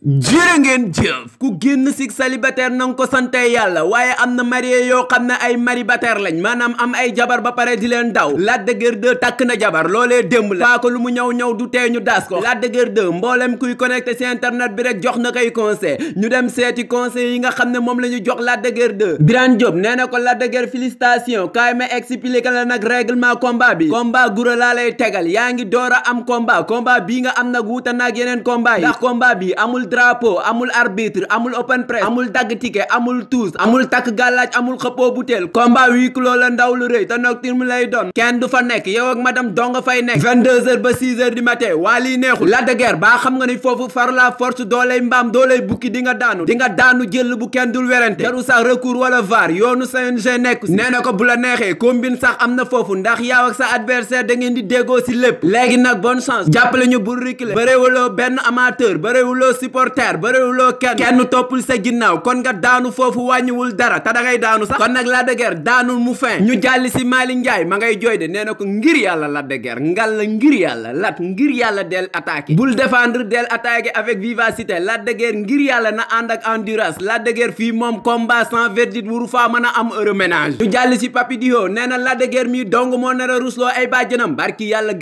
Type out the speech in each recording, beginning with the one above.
jërë ngeen jëf ku génn si célibataire na nga ko sante yàlla waaye am na marié yoo xam ne ay maribataire lañ maanaam am ay jabar ba pare di leen daw Lac de Guiers 2 takk na jabar loolee démb la ko lu mu ñëw ñëw du tee ñu daas ko Lac de Guiers 2 mboolem kuy connecté si internet bi rek jox na koy conseil ñu dem seeti conseil yi nga xam ne moom la ñu jox Lac de Guiers 2 Birane Diop nee na ko Lac de Guiers félicitation kaay ma expliqué la nag règlement combat bi combat gura laa lay tegal yaa ngi door a am combat combat bii nga am nag wuute naag yeneen combat yi ndax combat bi amul drapeau amul arbitre amul open press amul dagg ticket amul tuus amul takk gàllaaj amul xëppoo butéel combat huis clos la ndaw lu rëy te nocturne mu lay doon kenn du fa nekk yow ak madame donga fay nekk 22h ba 6h du matin waa lii neexul la de guerre baa xam nga ni foofu far la force dooley mbaam dooley bukki di nga daanu di nga daanu jël bu kenn dul werante jaru sax recours wala var yoonu CNG nekku si nee na ko bu la neexee combine sax am na foofu ndax yaaw ak sa adversaire da ngeen di déggoo si lépp léegi nag bonne chance jàppale ñu bu rikile bëréewuloo benn amateur bëréewuloo supporter bëriwuloo kenn kenn toppul sa ginnaaw kon nga daanu foofu wàññiwul dara te da ngay daanu sax kon nag Lac de daanul mu fin ñu jàlli si Malick Ndiaye ma ngay jooy de nee na ko ngir yàlla Lac de Guiers ngal la ngir yàlla lat ngir yàlla del attaqué bul défendre del attaqué avec vivacité Lac de Guiers ngir yàlla na ànd ak endurance Lac de fii moom combat sans verdict wuru faa mën am reménage ñu jàlli si Papi Dio nee na Lac de Guiers mii dong moo nar a rusloo ay bàjjanam barki yàlla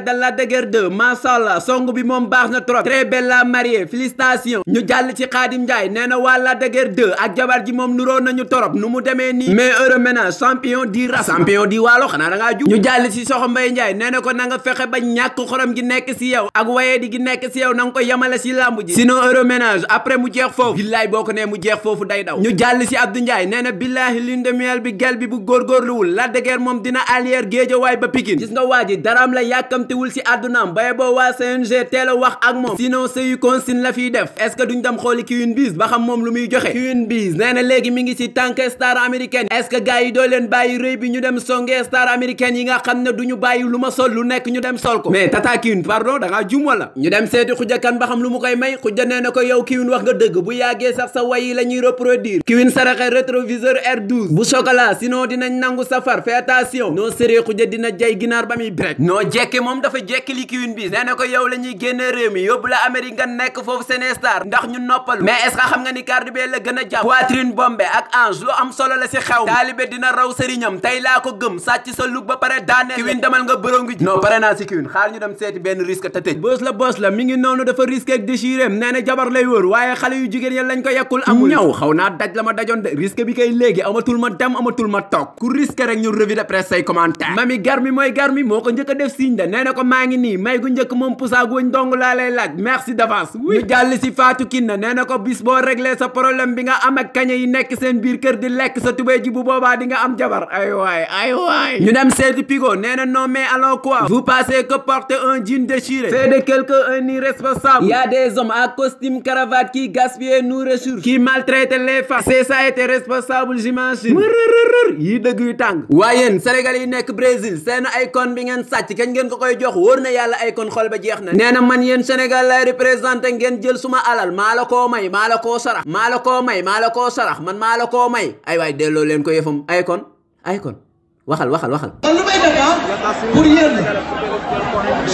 nag dal la dëgër de macha allah bi moom baax na trop très belle la mariée félicitations ñu jàll ci Xaadim Njaay nee waa la dëgër de ak jabar ji moom nuroo nañu torop nu mu demee nii mais heure ménage champion di ras champion di waalo xanaa da ngaa ju ñu jàll ci Soxo Mbay Njaay nee na ko na nga fexe ba ñàkk xorom gi nekk si yow ak waye di gi nekk si yow na nga ko yemale si lamb ji sinon heure ménage après mu jeex foofu billaay boo ko nee mu jeex foofu day daw ñu jàll si Abdou Njaay nee na billaahi lune de miel bi gel bi bu góorgóorluwul la dëgër moom dina alièr géejawaay ba Pikine gis nga waa lijjantiwul ci àddunaam bay boo waa CNG teel ak moom sinon sëyu consigne la fiy def est-ce que duñ dem xooli Queen Biz ba xam moom lu muy joxe Queen Biz nee léegi mi ngi ci tànk star américaine est-ce que gars yi doo leen bàyyi rëy bi ñu dem songe star américaine yi nga xam ne duñu bàyyi lu ma sol lu nekk ñu dem sol ko mais tata Queen pardon da ngaa jum wala ñu dem seeti Khoudia Kane ba xam lu mu koy may Khoudia nee na ko yow Queen wax nga dëgg bu yàggee sax sa way yi la ñuy reproduire Queen saraxe rétroviseur R12 bu chocolat sinon dinañ nangu safar fais attention non sérieux Khoudia dina jay ginaar ba muy brek non jekke moom moom dafa jekkili kiwin bis nee ko yow la ñuy mi yóbbu la Amérique nga nekk foofu seen ndax ñu noppalu mais est xam nga ni garde bee la gën a jàpp poitrine bombé ak ange lu am solo la si xew taalibe dina raw sëriñam tey laa ko gëm sàcc sa lug ba pare daane kiwin demal nga bërongu ji non pare naa si kiwin xaar ñu dem seeti benn risque te tëj boos la boos la mi ngi noonu dafa risque ak déchiré nee na jabar lay wóor waaye xale yu jigéen a ne ko maa ngi nii may gu njëkk moom pousa guñ dong laa lay laaj merci d'avance ñu jàll si Fatou Kiné ko bis boo réglé sa problème bi nga am ak kañe yi nekk seen biir kër di lekk sa tubéy ji bu boobaa di nga am jabar ay waay ay waay ñu dem seeti Pigo nee na non mais alors quoi vous pensez que porter un jean déchiré c'est de quelqu'un un irresponsable y a des hommes a costume cravate qui gaspillent nos ressources qui maltraitent les femmes c'est ça été responsable j'imagine yi dëgg jox wóor na yàlla ay kon xol ba jeex na nee na man yéen Sénégal lay représenté ngeen jël suma alal maa la koo may maa la koo sarax maa la koo may maa la koo sarax man maa la koo may ay waay delloo leen ko yëfam ay kon ay kon waxal waxal waxal lu may def ah, pour yéen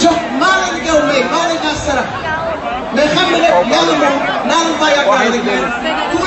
jox maa la gaw may maa la sarax mais xam nga nag yàlla moom naa la bàyyi ak